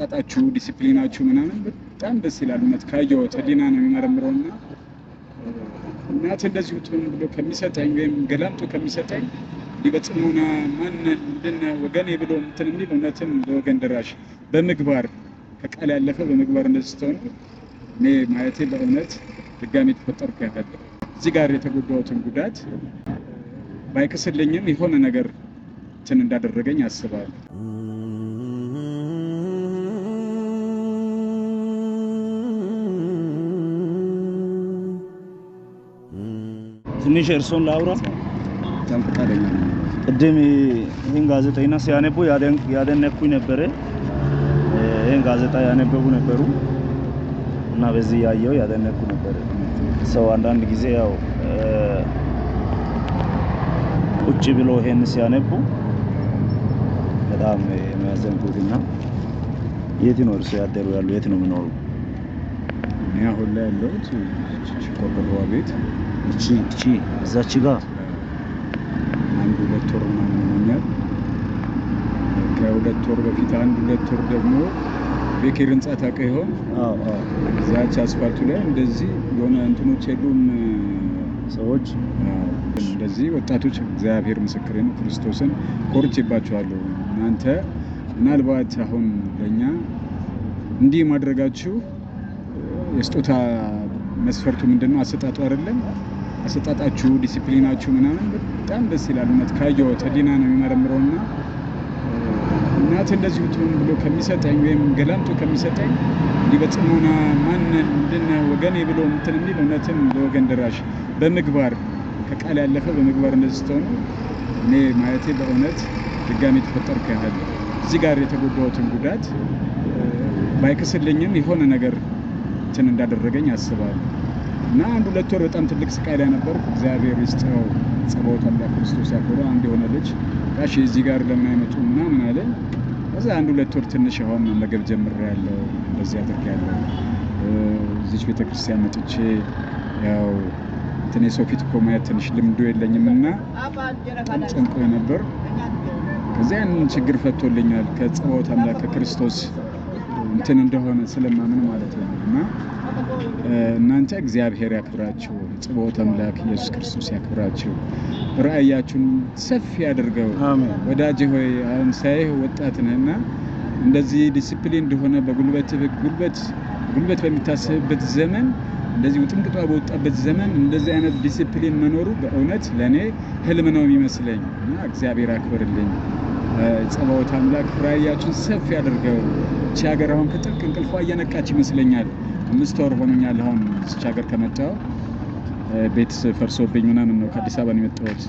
አመጣጣችሁ ዲሲፕሊናችሁ ምናምን በጣም ደስ ይላል። እውነት ካየሁት ህሊና ነው የሚመረምረው እና እናት እንደዚሁ ጥም ብሎ ከሚሰጠኝ ወይም ገላምጦ ከሚሰጠኝ ማን ማንልና ወገኔ ብሎ እንትን የሚል እውነትም ለወገን ደራሽ በምግባር ከቃል ያለፈ በምግባር እንደዚህ ስትሆኑ እኔ ማየቴ በእውነት ድጋሚ ተፈጠርኩ ያለ እዚህ ጋር የተጎዳሁትን ጉዳት ባይክስልኝም የሆነ ነገር እንትን እንዳደረገኝ አስባለሁ። ትንሽ እርሶን ላውራ። ቅድም ይህን ጋዜጠኛ ሲያነቡ ያደነኩኝ ነበረ። ይህን ጋዜጣ ያነበቡ ነበሩ እና በዚህ ያየው ያደነኩ ነበረ። ሰው አንዳንድ ጊዜ ያው ቁጭ ብሎ ይሄን ሲያነቡ በጣም የሚያዘንኩትና የት ነው እርሶ ያደሩ ያሉ? የት ነው የሚኖሩ? እኔ አሁን ላይ ያለሁት ቆርቆሮ ቤት እቺ እቺ እዛች ጋ አንድ ሁለት ወር ነው ሆኛል። ከሁለት ወር በፊት አንድ ሁለት ወር ደግሞ ቤኬር ህንጻ ታውቀው ይሆን? እዛች አስፋልቱ ላይ እንደዚህ የሆነ እንትኖች የሉም ሰዎች እንደዚህ ወጣቶች እግዚአብሔር ምስክርን ክርስቶስን ኮርቼባችኋለሁ። እናንተ ምናልባት አሁን ለእኛ እንዲህ ማድረጋችሁ የስጦታ መስፈርቱ ምንድን ነው? አሰጣጡ አይደለም አሰጣጣችሁ ዲሲፕሊናችሁ ምናምን በጣም ደስ ይላል። እውነት ካየሁት ህሊና ነው የሚመረምረው እና እናት እንደዚህ ብትሆን ብሎ ከሚሰጠኝ ወይም ገላምጦ ከሚሰጠኝ እንዲህ በጽሞና ማንን እንድነ ወገኔ ብሎ እንትን የሚል እውነትም ለወገን ደራሽ በምግባር ከቃል ያለፈ በምግባር እንደዚህ ስትሆኑ እኔ ማለቴ በእውነት ድጋሚ የተፈጠርኩ ያህል እዚህ ጋር የተጎዳሁትን ጉዳት ባይክስልኝም የሆነ ነገር እንትን እንዳደረገኝ አስባለሁ። እና አንድ ሁለት ወር በጣም ትልቅ ስቃይ ላይ ነበር። እግዚአብሔር ይስጠው ጸባዖት አምላክ ክርስቶስ ያኮረው አንድ የሆነ ልጅ ጋሽ እዚህ ጋር ለምን አይመጡ ምናምን አለ። ከዛ አንድ ሁለት ወር ትንሽ አሁን መመገብ ጀምሬያለሁ፣ እንደዚህ አድርጌያለሁ። እዚች ቤተክርስቲያን መጥቼ ያው ትኔ የሰው ፊት እኮ ማየት ትንሽ ልምዶ የለኝም እና ጨንቆ ነበር። ከዚያ ያንን ችግር ፈቶልኛል ከጸባዖት አምላክ ከክርስቶስ እንትን እንደሆነ ስለማምን ማለት ነው እና እናንተ እግዚአብሔር ያክብራችሁ፣ ጽብኦተ አምላክ ኢየሱስ ክርስቶስ ያክብራችሁ፣ ራእያችሁን ሰፊ ያድርገው። ወዳጅ ሆይ አሁን ሳይህ ወጣት ነህና እንደዚህ ዲሲፕሊን እንደሆነ በጉልበት ጉልበት ጉልበት በሚታሰብበት ዘመን እንደዚህ ውጥንቅጧ በወጣበት ዘመን እንደዚህ አይነት ዲሲፕሊን መኖሩ በእውነት ለእኔ ህልም ነው የሚመስለኝ እና እግዚአብሔር አክብርልኝ። ጸባዖት አምላክ ራእያችሁን ሰፊ ያድርገው። እቺ ሀገር አሁን ከጥልቅ እንቅልፏ እየነቃች ይመስለኛል። አምስት ወር ሆኖኛል። አሁን እዚች ሀገር ከመጣሁ ቤት ፈርሶብኝ ምናምን ነው ከአዲስ አበባ ነው የመጣሁት።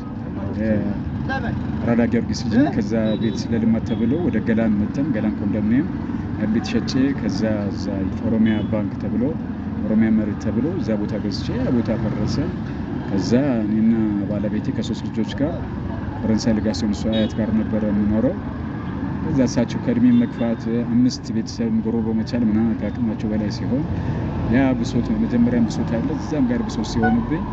ራዳ ጊዮርጊስ ልጅ ከዛ ቤት ለልማት ተብሎ ወደ ገላን መተን ገላን ኮንዶሚኒየም ቤት ሸጬ ከዛ እዛ ኦሮሚያ ባንክ ተብሎ ኦሮሚያ መሬት ተብሎ እዛ ቦታ ገዝቼ ቦታ ፈረሰ። ከዛ እኔና ባለቤቴ ከሶስት ልጆች ጋር ፈረንሳይ ልጋሲዮን እሷ አያት ጋር ነበረ የምኖረው እዛ እሳቸው ከእድሜ መግፋት አምስት ቤተሰብ ጎሮሮ መቻል ምናምን ከአቅማቸው በላይ ሲሆን ያ ብሶት ነው። መጀመሪያ ብሶት ያለ እዛም ጋር ብሶት ሲሆንብኝ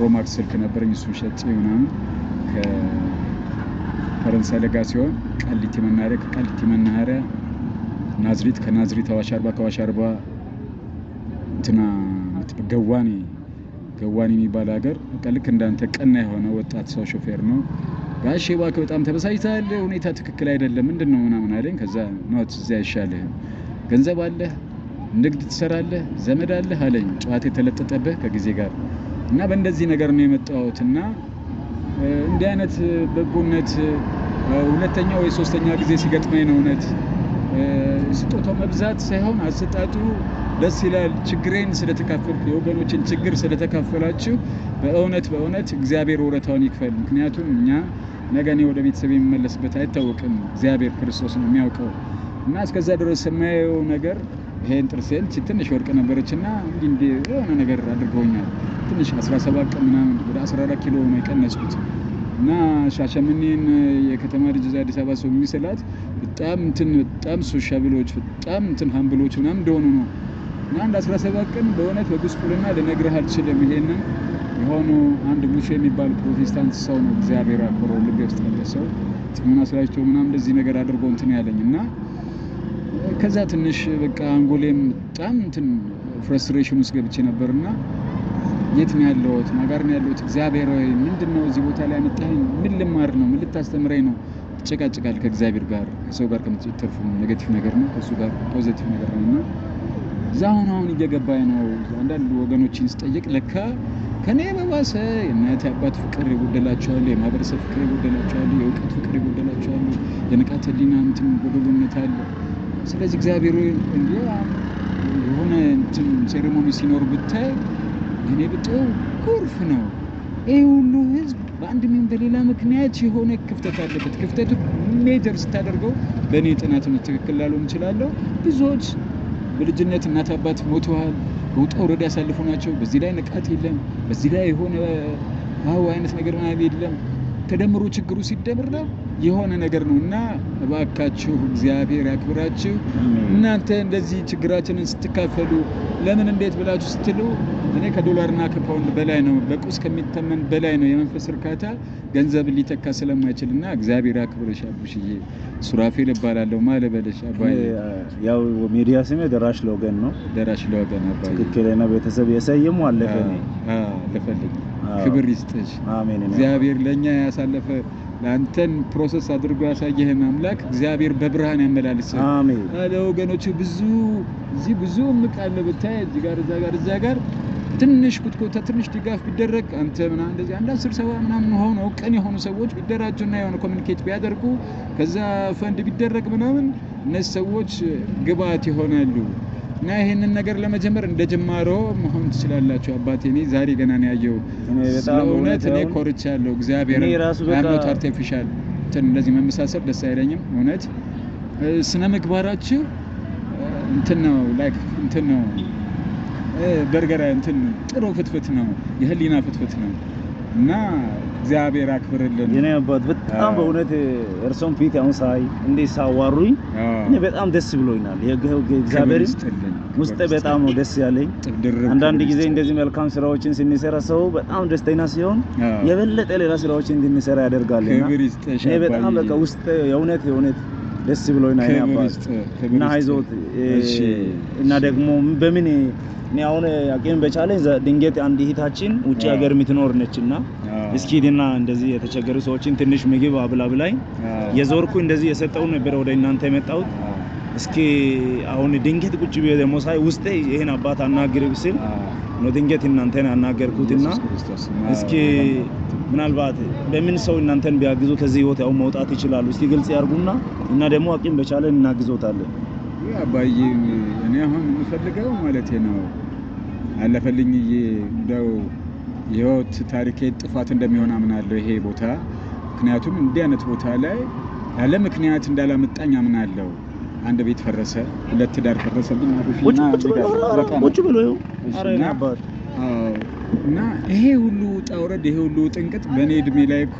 ሮማክስ ስልክ ነበረኝ እሱን ሸጬ ምናምን ከፈረንሳይ ለጋ ሲሆን ቀሊቲ መናኸሪያ ከቀሊቲ መናኸሪያ ናዝሪት ከናዝሪት አዋሽ አርባ ከአዋሽ አርባ እንትና ገዋኔ ገዋኔ የሚባል ሀገር ልክ እንዳንተ ቀና የሆነ ወጣት ሰው ሾፌር ነው። ጋሼ እባክህ በጣም ተበሳጭተሃል፣ ሁኔታ ትክክል አይደለም፣ ምንድን ነው ምናምን አለኝ። ከዛ ኖት እዚያ አይሻልህም፣ ገንዘብ አለህ፣ ንግድ ትሰራለህ፣ ዘመድ አለህ አለኝ። ጨዋታ የተለጠጠብህ ከጊዜ ጋር እና በእንደዚህ ነገር ነው የመጣሁት እና እንዲህ አይነት በጎነት ሁለተኛ ወይ ሶስተኛ ጊዜ ሲገጥመኝ ነው እውነት ስጦታው መብዛት ሳይሆን አሰጣጡ ደስ ይላል። ችግሬን ስለተካፈል የወገኖችን ችግር ስለተካፈላችሁ በእውነት በእውነት እግዚአብሔር ወረታውን ይክፈል። ምክንያቱም እኛ ነገ እኔ ወደ ቤተሰብ የሚመለስበት አይታወቅም። እግዚአብሔር ክርስቶስ ነው የሚያውቀው። እና እስከዛ ድረስ የማየው ነገር ይሄን ጥርሴን ትንሽ ወርቅ ነበረች እና እንዲህ የሆነ ነገር አድርገውኛል። ትንሽ 17 ቀን ምናምን ወደ 14 ኪሎ ነው የቀነስኩት። እና ሻሸምኔን የከተማ ልጅ እዛ አዲስ አበባ ሰው የሚስላት በጣም እንትን በጣም ሶሻብሎች በጣም እንትን ሀምብሎች ምናምን እንደሆኑ ነው። እና አንድ 17 ቀን በእውነት በጉስቁልና ልነግርህ አልችልም ይሄንን የሆኑ አንድ ሙሴ የሚባል ፕሮቴስታንት ሰው ነው እግዚአብሔር አክብሮ ልቤ ውስጥ መለሰው ጽሙና ስላቸው ምናምን እንደዚህ ነገር አድርጎ እንትን ያለኝ እና ከዛ ትንሽ በቃ አንጎሌም በጣም እንትን ፍረስትሬሽን ውስጥ ገብቼ ነበር እና የት ነው ያለሁት? ማጋር ነው ያለሁት? እግዚአብሔር ወይ ምንድን ነው እዚህ ቦታ ላይ ያመጣኸኝ? ምን ልማር ነው? ምን ልታስተምረኝ ነው? ትጨቃጭቃል ከእግዚአብሔር ጋር ከሰው ጋር ከምትተርፉ ኔጌቲቭ ነገር ነው ከእሱ ጋር ፖዘቲቭ ነገር ነው እና እዛ አሁን አሁን እየገባኝ ነው። አንዳንድ ወገኖችን ስጠይቅ ለካ ከኔ በባሰ የእናት አባት ፍቅር ይጎደላቸዋል፣ የማህበረሰብ ፍቅር ይጎደላቸዋል፣ የእውቀት ፍቅር ይጎደላቸዋል፣ የንቃተ ህሊና እንትን ጉልበት አለ። ስለዚህ እግዚአብሔር እንዲ የሆነ እንትን ሴሬሞኒ ሲኖር ብታይ እኔ ብጤው ቁርፍ ነው። ይህ ሁሉ ህዝብ በአንድ በአንድም በሌላ ምክንያት የሆነ ክፍተት አለበት። ክፍተቱ ሜጀር ስታደርገው በእኔ ጥናት ትክክል ላልሆን እችላለሁ ብዙዎች በልጅነት እናት አባት ሞተዋል። ውጣ ውረድ ያሳልፉ ናቸው። በዚህ ላይ ንቃት የለም። በዚህ ላይ የሆነ አዎ አይነት ነገር ምናምን የለም። ተደምሮ ችግሩ ሲደምር ነው የሆነ ነገር ነው እና እባካችሁ እግዚአብሔር ያክብራችሁ። እናንተ እንደዚህ ችግራችንን ስትካፈሉ ለምን እንዴት ብላችሁ ስትሉ እኔ ከዶላርና ከፓውንድ በላይ ነው በቁስ ከሚተመን በላይ ነው የመንፈስ እርካታ ገንዘብን ሊተካ ስለማይችል እና እግዚአብሔር ያክብረሽ አቡሽዬ። ሱራፌል እባላለሁ። ማለ በለሽ አባዬ። ያው ሚዲያ ስሜ ደራሽ ለወገን ነው። ደራሽ ለወገን አባዬ። ትክክለኛ ቤተሰብ የሰየሙ አለፈ እኔ ክብር ይስጥሽ። እግዚአብሔር ለእኛ ያሳለፈ ለአንተን ፕሮሰስ አድርጎ ያሳየህን አምላክ እግዚአብሔር በብርሃን ያመላልስ። ወገኖች ብዙ እዚህ ብዙ ምቃለ አለ ብታይ እዚህ ጋር እዛ ጋር እዛ ጋር ትንሽ ኩትኮታ ትንሽ ድጋፍ ቢደረግ አንተ ምና እንደዚህ አንድ አስር ሰባ ምናምን ሆነው ቅን የሆኑ ሰዎች ቢደራጁና የሆነ ኮሚኒኬት ቢያደርጉ ከዛ ፈንድ ቢደረግ ምናምን እነዚህ ሰዎች ግብአት ይሆናሉ። እና ይሄንን ነገር ለመጀመር እንደ ጅማሮ መሆን ትችላላችሁ። አባቴ እኔ ዛሬ ገና ነው ያየው። ስለእውነት እኔ ኮርቻለሁ። እግዚአብሔር ያሉት አርቲፊሻል እንትን እንደዚህ መመሳሰል ደስ አይለኝም። እውነት ስነ ምግባራችሁ እንትን ነው ላይክ እንትን ነው በርገራ እንትን ጥሩ ፍትፍት ነው፣ የህሊና ፍትፍት ነው እና እግዚአብሔር አክብርልን። የኔ አባት በጣም በእውነት እርሶን ፊት አሁን ሳይ እንዴት ሳዋሩኝ እኔ በጣም ደስ ብሎኛል። እግዚአብሔር ውስጥ በጣም ነው ደስ ያለኝ። አንዳንድ ጊዜ እንደዚህ መልካም ስራዎችን ስንሰራ ሰው በጣም ደስተኛ ሲሆን የበለጠ ሌላ ስራዎችን እንድንሰራ ያደርጋልና እኔ በጣም በቃ ውስጥ የእውነት የእውነት ደስ ብሎኛል። የኔ እና አይዞት እና ደግሞ በምን እኔ አሁን አቅም በቻለኝ ድንገት አንድ እህታችን ውጭ ሀገር የምትኖር ነችና እስኪድና እንደዚህ የተቸገሩ ሰዎችን ትንሽ ምግብ አብላብላይ የዞርኩ እንደዚህ የሰጠው ነበር ወደ እናንተ የመጣሁት። እስኪ አሁን ድንገት ቁጭ ብዬ ደግሞ ሳይ ውስጤ ይህን አባት አናግርብ ስል ነው ድንገት እናንተን ያናገርኩትና እስኪ ምናልባት በምን ሰው እናንተን ቢያግዙ ከዚህ ህይወት ያው መውጣት ይችላሉ። እስቲ ግልጽ ያርጉና እና ደግሞ አቅም በቻለን እናግዞታለን። አባዬ እኔ አሁን የምፈልገው ማለት ነው አለፈልኝ እንደው የህይወት ታሪኬ ጥፋት እንደሚሆን አምናለሁ ይሄ ቦታ። ምክንያቱም እንዲህ አይነት ቦታ ላይ ያለ ምክንያት እንዳላመጣኝ አምናለሁ። አንድ ቤት ፈረሰ፣ ሁለት ትዳር ፈረሰብኝ እና ይሄ ሁሉ ውጣ ውረድ፣ ይሄ ሁሉ ጥንቅጥ በእኔ እድሜ ላይ እኮ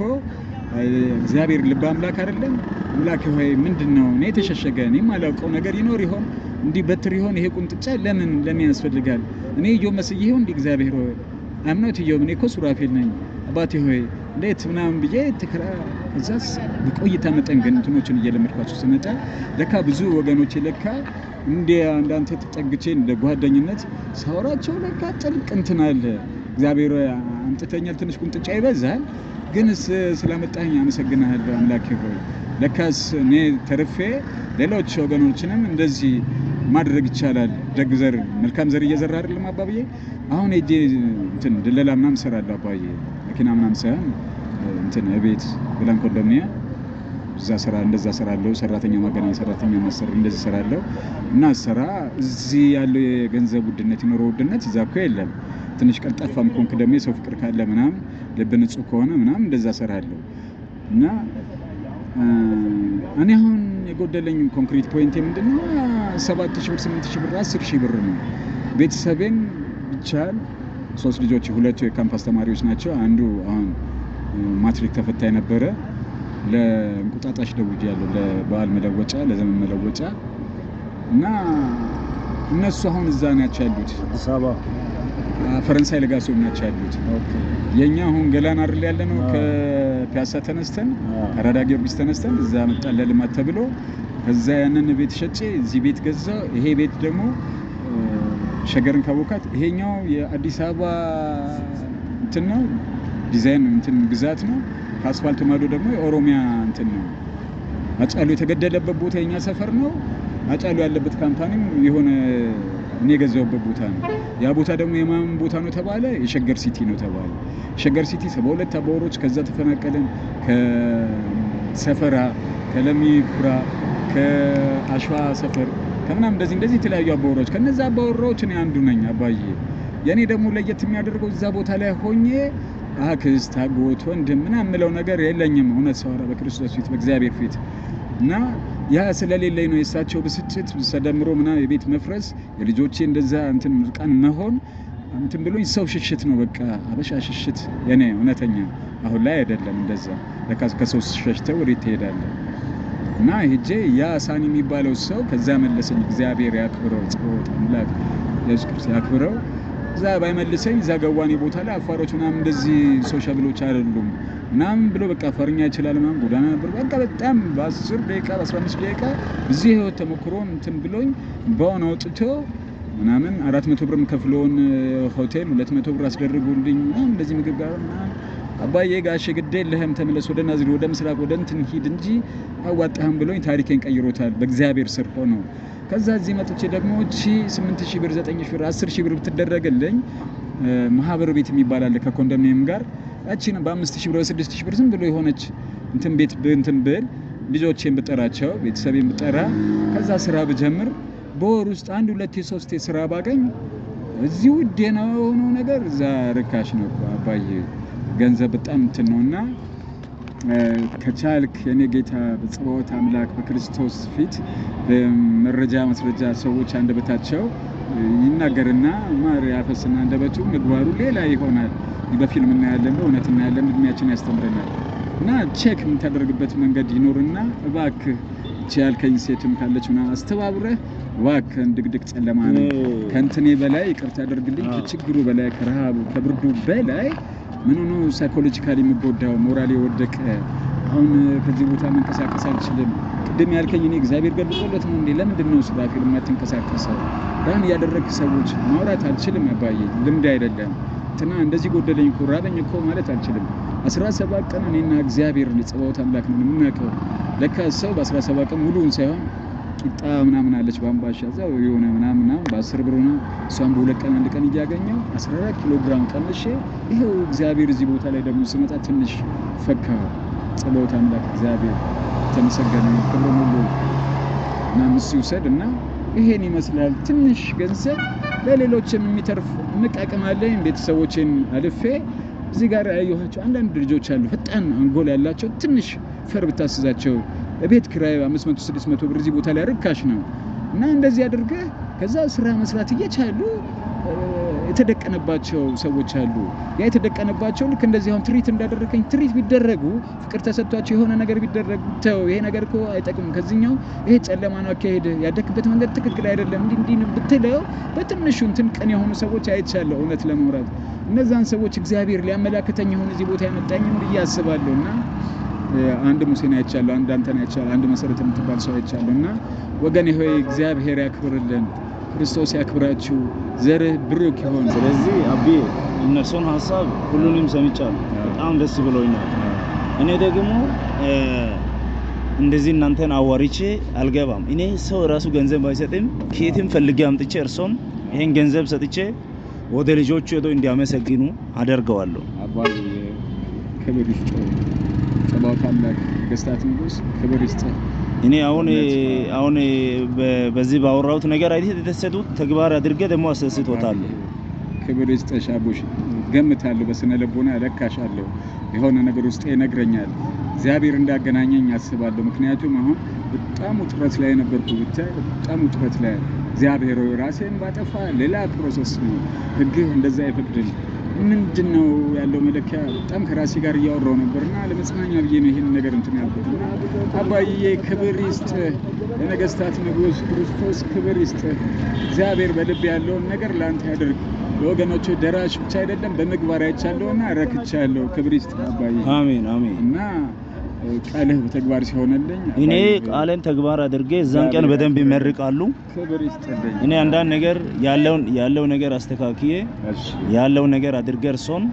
እግዚአብሔር ልብ አምላክ አይደለም? አምላክ ሆይ ምንድን ነው እኔ የተሸሸገ እኔም አላውቀው ነገር ይኖር ይሆን? እንዲህ በትር ይሆን? ይሄ ቁምጥጫ ለምን ለምን ያስፈልጋል? እኔ እዮ መስዬ ይሄው እንዲህ እግዚአብሔር ሆይ አምነት እየውም እኔ እኮ ሱራፌል ነኝ አባቴ ሆይ እንዴት ምናምን ብዬ ትክራ እዛስ በቆይታ መጠን ግን እንትኖችን እየለመድኳቸው ስመጣ ለካ ብዙ ወገኖች ለካ እንደ አንዳንተ ተጠግቼ እንደ ጓደኝነት ሳውራቸው ለካ ጥልቅ እንትን አለ። እግዚአብሔር አምጥተኛል። ትንሽ ቁንጥጫ ይበዛል፣ ግን ስላመጣኝ አመሰግናለሁ አምላኬ ሆይ። ለካስ እኔ ተርፌ ሌሎች ወገኖችንም እንደዚህ ማድረግ ይቻላል። ደግ ዘር መልካም ዘር እየዘራ አይደለም አባብዬ? አሁን ሄጄ እንትን ድለላ ምናም እሰራለሁ አባዬ፣ መኪና ምናም ሳይሆን እንትን እቤት ብላን ኮንዶሚኒያ እዛ ስራ እንደዛ እሰራለሁ፣ ሰራተኛ ማገናኝ፣ ሰራተኛ ማሰር፣ እንደዚህ እሰራለሁ እና ስራ እዚህ ያለው የገንዘብ ውድነት የኑሮ ውድነት እዛ እኮ የለም። ትንሽ ቀልጣፋም ኮንክ ደግሞ የሰው ፍቅር ካለ ምናም ልብ ንጹህ ከሆነ ምናም እንደዛ ሰራለሁ እና እኔ አሁን የጎደለኝ ኮንክሪት ፖይንት ምንድን ነው? ሰባት ሺህ ብር፣ ስምንት ሺህ ብር፣ አስር ሺህ ብር ነው። ቤተሰቤን ብቻል ሶስት ልጆች፣ ሁለቱ የካምፓስ ተማሪዎች ናቸው። አንዱ አሁን ማትሪክ ተፈታይ ነበረ። ለእንቁጣጣሽ ደውጅ ያለው ለበዓል መለወጫ፣ ለዘመን መለወጫ እና እነሱ አሁን እዛ ናቸው ያሉት። ፈረንሳይ ለጋሶም ናቸው ያሉት። የእኛ አሁን ገላን አርል ያለ ነው ፒያሳ ተነስተን ከራዳ ጊዮርጊስ ተነስተን እዛ መጣን ለልማት ተብሎ እዛ ያንን ቤት ሸጬ እዚህ ቤት ገዛ። ይሄ ቤት ደግሞ ሸገርን ካወቃት ይሄኛው የአዲስ አበባ እንትን ነው ዲዛይን እንትን ግዛት ነው። ከአስፋልቱ ማዶ ደግሞ የኦሮሚያ እንትን ነው። አጫሉ የተገደለበት ቦታ የኛ ሰፈር ነው። አጫሉ ያለበት ካምፓኒም የሆነ እኔ የገዛውበት ቦታ ነው። ያ ቦታ ደግሞ የማን ቦታ ነው ተባለ? የሸገር ሲቲ ነው ተባለ። ሸገር ሲቲ ሰባ ሁለት አባወሮች ከዛ ተፈናቀልን። ከሰፈራ ከለሚኩራ ከአሸዋ ሰፈር ከምናም እንደዚህ እንደዚህ የተለያዩ አባወራዎች ከነዛ አባወራዎች እኔ አንዱ ነኝ አባዬ። የእኔ ደግሞ ለየት የሚያደርገው እዛ ቦታ ላይ ሆኜ አክስት፣ አጎት፣ ወንድም ምናምን የምለው ነገር የለኝም። እውነት ሰው በክርስቶስ ፊት በእግዚአብሔር ፊት እና ያ ስለሌለኝ ነው የእሳቸው ብስጭት ተደምሮ ምና የቤት መፍረስ የልጆቼ እንደዛ እንትን ምርቃን መሆን እንትን ብሎኝ ሰው ሽሽት ነው በቃ አበሻ ሽሽት የኔ እውነተኛ አሁን ላይ አይደለም እንደዛ ለካ ከሰው ሸሽተህ ወደ ትሄዳለህ እና ሄጄ ያ ሳኒ የሚባለው ሰው ከዛ መለሰኝ እግዚአብሔር ያክብረው ጸሎት አምላክ ኢየሱስ ክርስቶስ ያክብረው እዛ ባይመልሰኝ እዛ ገዋኔ ቦታ ላይ አፋሮች ምናምን እንደዚህ ሰው ሸብሎች አይደሉም ምናምን ብሎ በቃ ፈርኛ ይችላል ምናምን ጎዳና ነበር በቃ በጣም በአስር ደቂቃ በአስራ አምስት ደቂቃ እዚህ ህይወት ተሞክሮ እንትን ብሎኝ በሆነ አውጥቶ ምናምን አራት መቶ ብር ከፍሎን ሆቴል ሁለት መቶ ብር አስደርጉልኝ ምናምን እንደዚህ ምግብ ጋር ምናምን አባዬ ጋሽ ግዴ ለህም ተመለስ ወደ ናዝሪ ወደ ምስራቅ ወደ እንትን ሂድ እንጂ አዋጣህም ብሎኝ ታሪኬን ቀይሮታል በእግዚአብሔር ስር ሆኖ ከዛ እዚህ መጥቼ ደግሞ እቺ 8000 ብር 9000 ብር 10000 ብር ብትደረግልኝ ማህበር ቤት የሚባል አለ ከኮንዶሚኒየም ጋር ያቺን በአምስት ሺህ ብር በስድስት ሺህ ብር ዝም ብሎ የሆነች እንትን ቤት እንትን ብል ልጆቼን ብጠራቸው ቤተሰቤን ብጠራ ከዛ ስራ ብጀምር በወር ውስጥ አንድ ሁለቴ ሶስቴ ስራ ባገኝ እዚህ ውድ የሆነው ነገር እዛ ርካሽ ነው። አባዬ ገንዘብ በጣም እንትን ነው እና ከቻልክ የኔ ጌታ በጸባዖት አምላክ በክርስቶስ ፊት መረጃ ማስረጃ ሰዎች አንደበታቸው ይናገርና ማር ያፈስና አንደበቱ ምግባሩ ሌላ ይሆናል። በፊልም እናያለን፣ በእውነት እናያለን፣ እድሜያችን ያስተምረናል እና ቼክ የምታደርግበት መንገድ ይኖርና እባክህ ይቺ ያልከኝ ሴትም ካለች ና አስተባብረህ እባክህን ድቅድቅ ጨለማ ነው ከእንትኔ በላይ ይቅርታ አድርግልኝ፣ ከችግሩ በላይ ከረሃቡ ከብርዱ በላይ ምን ሆኖ ሳይኮሎጂካሊ የምጎዳው ሞራል የወደቀ አሁን ከዚህ ቦታ መንቀሳቀስ አልችልም። ቅድም ያልከኝ እኔ እግዚአብሔር ገልጦለት ነው እንዴ? ለምንድን ነው ስባፊ የማትንቀሳቀሰው? ራን እያደረግ ሰዎች ማውራት አልችልም አባዬ ልምድ አይደለም ትናንትና እንደዚህ ጎደለኝ እኮ ራበኝ እኮ ማለት አልችልም። አስራ ሰባት ቀን እኔና እግዚአብሔር ንጽባውት አምላክ ነው የምናውቀው። ለካ ሰው በአስራ ሰባት ቀን ሙሉውን ሳይሆን ቂጣ ምናምን አለች በአምባሻ እዛ የሆነ ምናምና በአስር 10 ብር እሷን በሁለት ቀን አንድ ቀን እያገኘው 14 ኪሎ ግራም ቀንሼ ይኸው እግዚአብሔር እዚህ ቦታ ላይ ደግሞ ስመጣ ትንሽ ፈካ። ጽባውት አምላክ እግዚአብሔር ተመሰገነ። ክብር ሙሉ ምናምን እሱ ይውሰድ እና ይሄን ይመስላል ትንሽ ገንዘብ ለሌሎችም የሚተርፍ የምጠቅማለኝ ቤተሰቦችን አልፌ እዚህ ጋር ያየኋቸው አንዳንድ ልጆች አሉ፣ ፈጣን አንጎል ያላቸው ትንሽ ፈር ብታስዛቸው ቤት ክራይ 500 600 ብር እዚህ ቦታ ላይ ርካሽ ነው እና እንደዚህ አድርገህ ከዛ ስራ መስራት እየቻሉ የተደቀነባቸው ሰዎች አሉ። ያ የተደቀነባቸው ልክ እንደዚህ አሁን ትሪት እንዳደረከኝ ትሪት ቢደረጉ ፍቅር ተሰጥቷቸው የሆነ ነገር ቢደረጉ ተው ይሄ ነገር እኮ አይጠቅምም፣ ከዚኛው ይሄ ጨለማ ነው አካሄድ፣ ያደግበት መንገድ ትክክል አይደለም፣ እንዲህ እንዲህ ብትለው በትንሹ እንትን ቅን የሆኑ ሰዎች አይቻለሁ። እውነት ለመውራት እነዛን ሰዎች እግዚአብሔር ሊያመላክተኝ የሆነ እዚህ ቦታ ያመጣኝም ብዬ አስባለሁ እና አንድ ሙሴን አይቻለሁ፣ አንድ አንተን አይቻለሁ፣ አንድ መሰረት የምትባል ሰው አይቻለሁ እና ወገን ሆይ እግዚአብሔር ያክብርልን። ክርስቶስ ያክብራችሁ፣ ዘርህ ብሩክ ይሆን። ስለዚህ አቤ እነሱን ሀሳብ ሁሉንም ሰምቻለሁ። በጣም ደስ ብሎኛል። እኔ ደግሞ እንደዚህ እናንተን አዋሪቼ አልገባም። እኔ ሰው ራሱ ገንዘብ ባይሰጥም ከየትም ፈልጌ አምጥቼ እርሶም ይሄን ገንዘብ ሰጥቼ ወደ ልጆቹ ሄዶ እንዲያመሰግኑ አደርገዋለሁ። አባይ ክብር ይስጥ፣ ጸሎት አምላክ ደስታትን ንጉስ ክብር ይስጥ። እኔ አሁን አሁን በዚህ ባወራሁት ነገር አይደል የተደሰቱት ተግባር አድርገ ደግሞ አሰስቶታል። ክብር ይስጥሽ አቡሽ። ገምታለሁ፣ በስነ ልቦና እለካሻለሁ። የሆነ ነገር ውስጥ ይነግረኛል። እግዚአብሔር እንዳገናኘኝ አስባለሁ። ምክንያቱም አሁን በጣም ውጥረት ላይ ነበርኩ። ብቻ በጣም ውጥረት ላይ እግዚአብሔር ራሴን ባጠፋ ሌላ ፕሮሰስ ነው። ህግህ እንደዛ አይፈቅድልኝ ምንድን ነው ያለው መለኪያ? በጣም ከራሴ ጋር እያወራው ነበር እና ለመጽናኛ ብዬ ነው ይህን ነገር እንትን ያልኩት እና አባዬ ክብር ይስጥ፣ ለነገስታት ንጉስ ክርስቶስ ክብር ይስጥ። እግዚአብሔር በልብ ያለውን ነገር ለአንተ ያደርግ። ለወገኖቹ ደራሽ ብቻ አይደለም፣ በምግባር አይቻለሁ እና ረክቻለሁ። ክብር ይስጥ አባዬ። አሜን አሜን እና ቃልህ በተግባር ሲሆንልኝ እኔ ቃልን ተግባር አድርጌ እዛን ቀን በደንብ ይመርቃሉ። ክብር ይስጥልኝ። እኔ አንዳንድ ነገር ያለው ነገር አስተካክዬ ያለው ነገር አድርገ እርሶን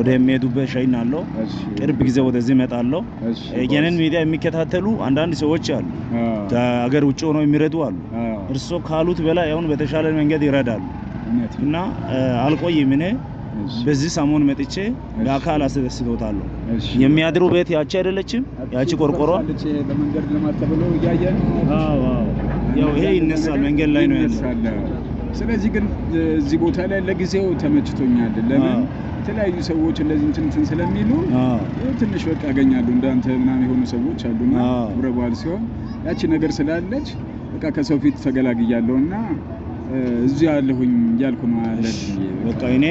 ወደ የሚሄዱበት አለው ቅርብ ጊዜ ወደዚህ እመጣለሁ። የእኔን ሚዲያ የሚከታተሉ አንዳንድ ሰዎች አሉ፣ ከሀገር ውጭ ሆነው የሚረዱ አሉ። እርሶ ካሉት በላይ አሁን በተሻለ መንገድ ይረዳሉ እና አልቆይም እኔ በዚህ ሰሞን መጥቼ ለአካል አስደስቶታለሁ። የሚያድሩ ቤት ያቺ አይደለችም? ያቺ ቆርቆሮ ያው ይሄ ይነሳል፣ መንገድ ላይ ነው ያለው። ስለዚህ ግን እዚህ ቦታ ላይ ለጊዜው ተመችቶኛል። ለምን የተለያዩ ሰዎች እንደዚህ እንትን ስለሚሉ ትንሽ በቃ ያገኛሉ። እንዳንተ ምናምን የሆኑ ሰዎች አሉና ክብረ በዓል ሲሆን ያቺ ነገር ስላለች በቃ ከሰው ፊት ተገላግያለሁና እዚህ ያለሁኝ እያልኩ ነው። በቃ እኔ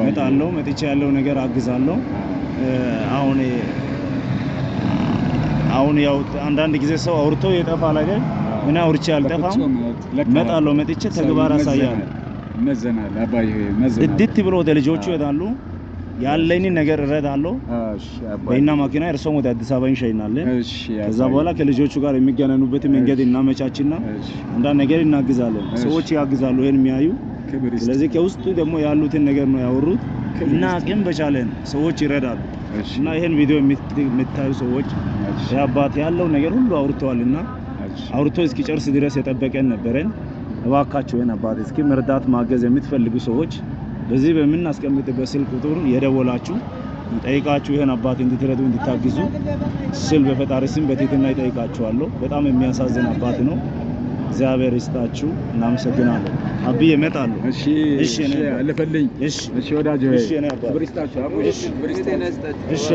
እመጣለሁ፣ መጥቼ ያለው ነገር አግዛለሁ። አሁን አሁን ያው አንዳንድ ጊዜ ሰው አውርቶ የጠፋ ነገር እኔ አውርቼ አልጠፋም። እመጣለሁ፣ መጥቼ ተግባር አሳያለሁ። መዘናል አባዬ መዘናል። እድት ብሎ ወደ ልጆቹ ይሄዳሉ። ያለኝ ነገር እረዳለሁ። በእና ማኪና እርሶም ወደ አዲስ አበባ እንሸኝናለን። ከዛ በኋላ ከልጆቹ ጋር የሚገናኙበት መንገድ እናመቻችና አንዳንድ ነገር እናግዛለን። ሰዎች ያግዛሉ ይሄን የሚያዩ። ስለዚህ ከውስጡ ደግሞ ያሉትን ነገር ነው ያወሩት እና አቅም በቻለን ሰዎች ይረዳሉ እና ይሄን ቪዲዮ የምታዩ ሰዎች አባት ያለው ነገር ሁሉ አውርተዋልና አውርቶ እስኪጨርስ ድረስ የጠበቀን ነበረን። እባካችሁ ይሄን አባት እስኪ መርዳት ማገዝ የምትፈልጉ ሰዎች በዚህ በምናስቀምጥበት ስልክ ቁጥር የደወላችሁ ጠይቃችሁ ይህን አባት እንድትረዱ እንድታግዙ ስል በፈጣሪ ስም በትህትና ይጠይቃችኋለሁ። በጣም የሚያሳዝን አባት ነው። እግዚአብሔር ይስጣችሁ። እናመሰግናለሁ። አብዬ እመጣለሁ። እሺ፣ እሺ፣ አለፈልኝ። እሺ፣ እሺ፣ ወዳጅ ሆይ፣ እሺ፣ እሺ